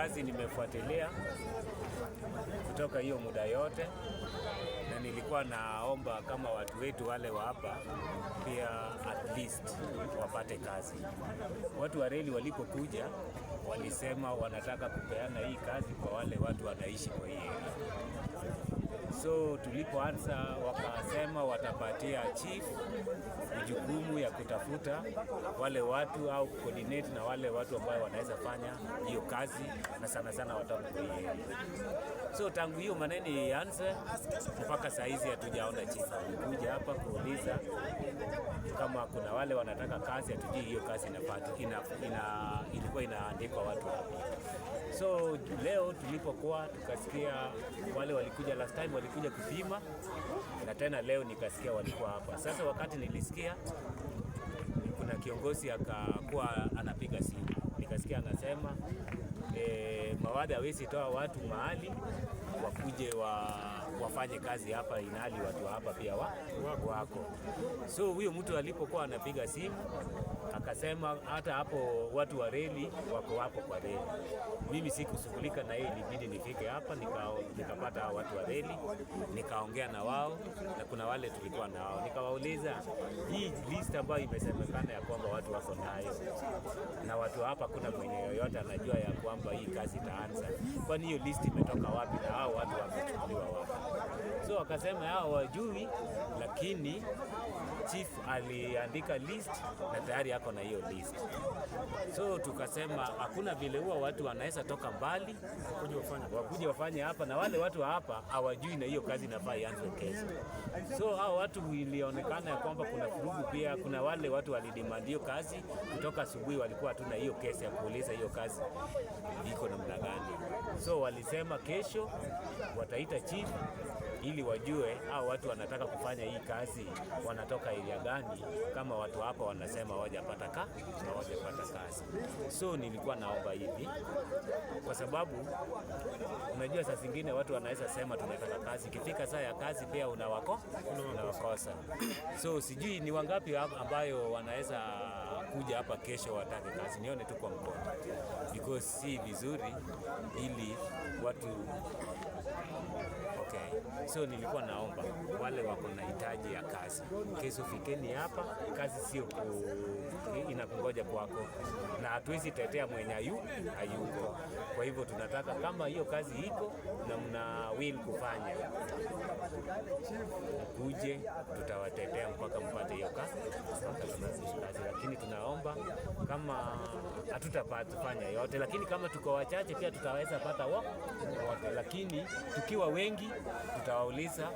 kazi nimefuatilia kutoka hiyo muda yote, na nilikuwa naomba kama watu wetu wale wa hapa pia at least wapate kazi. Watu wa reli walipokuja walisema wanataka kupeana hii kazi kwa wale watu wanaishi kwa hii So tulipoanza wakasema watapatia chief jukumu ya kutafuta wale watu au coordinate na wale watu ambao wanaweza fanya hiyo kazi, na sana sana watakuia. So tangu hiyo maneno ianze mpaka saa hizi hatujaona chief kuja hapa kuuliza kama kuna wale wanataka kazi, hatujui hiyo kazi inapata ina, ina, ilikuwa inaandikwa watu wapi. So leo tulipokuwa tukasikia wale walikuja last time wali nilikuja kupima na tena leo nikasikia walikuwa hapa. Sasa wakati nilisikia kuna kiongozi akakuwa anapiga simu, nikasikia anasema e, eh, Mawatha hawezi toa watu mahali wakuje wa, wafanye kazi hapa, inali watu hapa pia wa, wako. So huyo mtu alipokuwa anapiga simu akasema hata hapo watu wa reli wako hapo kwa reli. Mimi sikushughulika na yeye, ilibidi nifike hapa nikapata nika watu wa reli nikaongea na wao, na kuna wale tulikuwa na wao, nikawauliza hii list ambayo imesemekana ya kwamba watu wako nayo na watu hapa, kuna mwenye yoyote anajua ya kwamba hii kazi itaanza, kwani hiyo list imetoka wapi na hao watu wamechukuliwa wapi? wakasema yao wajui, lakini chief aliandika list na tayari ako na hiyo list. So tukasema hakuna vile huwa watu wanaweza toka mbali wakuja wafanye hapa, na wale watu hapa hawajui, na hiyo kazi inafaa ianze kesho. So hao watu ilionekana ya kwamba kuna furugu pia. Kuna wale watu walidemand hiyo kazi kutoka asubuhi, walikuwa hatuna hiyo kesi ya kuuliza hiyo kazi iko namna gani. So walisema kesho wataita chief ili wajue au watu wanataka kufanya hii kazi wanatoka ilia gani, kama watu hapa wanasema hawajapata ka hawajapata kazi. So nilikuwa naomba hivi, kwa sababu unajua saa zingine watu wanaweza sema tunataka kazi, ikifika saa ya kazi pia unawako unawakosa. So sijui ni wangapi ambayo wanaweza kuja hapa kesho watake kazi, nione tu kwa mkono, because si vizuri ili watu Okay. So nilikuwa naomba wale wako na hitaji ya kazi, kesho fikeni hapa. Kazi sio inakungoja kwako, na hatuwezi tetea mwenye ayu hayuko. Kwa hivyo tunataka kama hiyo kazi iko na mna will kufanya, mkuje tutawatetea mpaka mpate hiyo kazi, lakini tunaomba kama hatutafanya yote, lakini kama tuko wachache pia tutaweza pata wote, lakini tukiwa wengi tutawauliza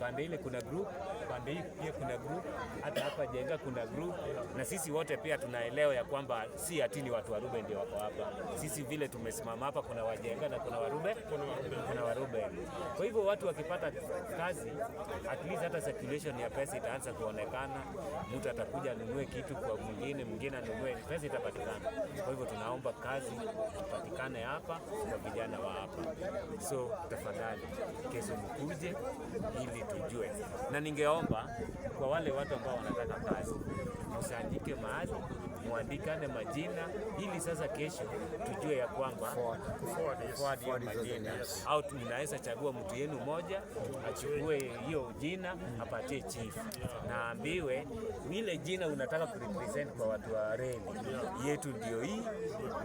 pande ile kuna group, pande hii pia kuna group, hata hapa Jenga kuna group, na sisi wote pia tunaelewa ya kwamba si ati watu wa Rube ndio wako hapa. Sisi vile tumesimama hapa, kuna Wajenga na kuna Warube, kuna Warube. Kwa hivyo watu wakipata kazi, at least hata circulation ya pesa itaanza kuonekana. Mtu atakuja anunue kitu kwa mwingine, mwingine anunue, pesa itapatikana. Kwa hivyo tunaomba kazi ipatikane hapa kwa vijana wa hapa, so tafadhali kesho mkuje ili tujue, na ningeomba kwa wale watu ambao wanataka kazi msiandike mahali muandike majina ili sasa kesho tujue ya kwamba majina au tunaweza chagua mtu yenu moja achukue hiyo jina apatie chief na ambiwe ile jina unataka kurepresent kwa watu wa reli yetu, ndio hii.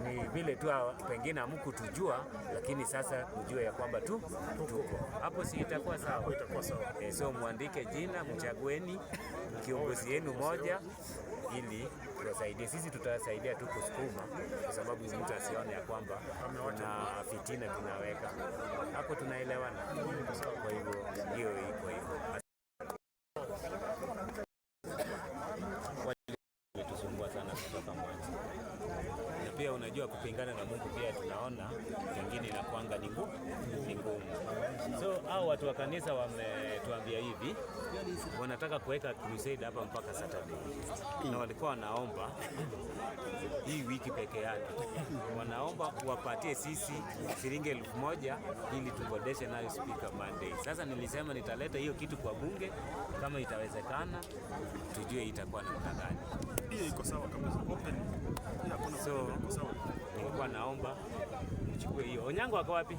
Ni vile tu pengine hamkutujua, lakini sasa tujue ya kwamba tu tuko hapo, si itakuwa sawa? E, so muandike jina, mchagueni kiongozi yenu moja ili tuwasaidie sisi tutasaidia tu kusukuma, kwa sababu mtu asione ya kwamba na fitina tunaweka hapo, tunaelewana. Kwa hivyo hiyo iko hivyo. Walisumbua sana kutoka mwanzo pia unajua kupingana na Mungu pia tunaona pengine inakuanga ni ngumu. So au watu wa kanisa wametuambia hivi, wanataka kuweka crusade hapa mpaka Saturday na walikuwa wanaomba hii wiki peke yake wanaomba wapatie sisi shilingi elfu moja ili tubodeshe nayo speaker Monday. Sasa nilisema nitaleta hiyo kitu kwa bunge kama itawezekana, tujue itakuwa namna gani iko sawa kabisa, open so iko sawa. nilikuwa naomba nichukue hiyo. Onyango wako wapi?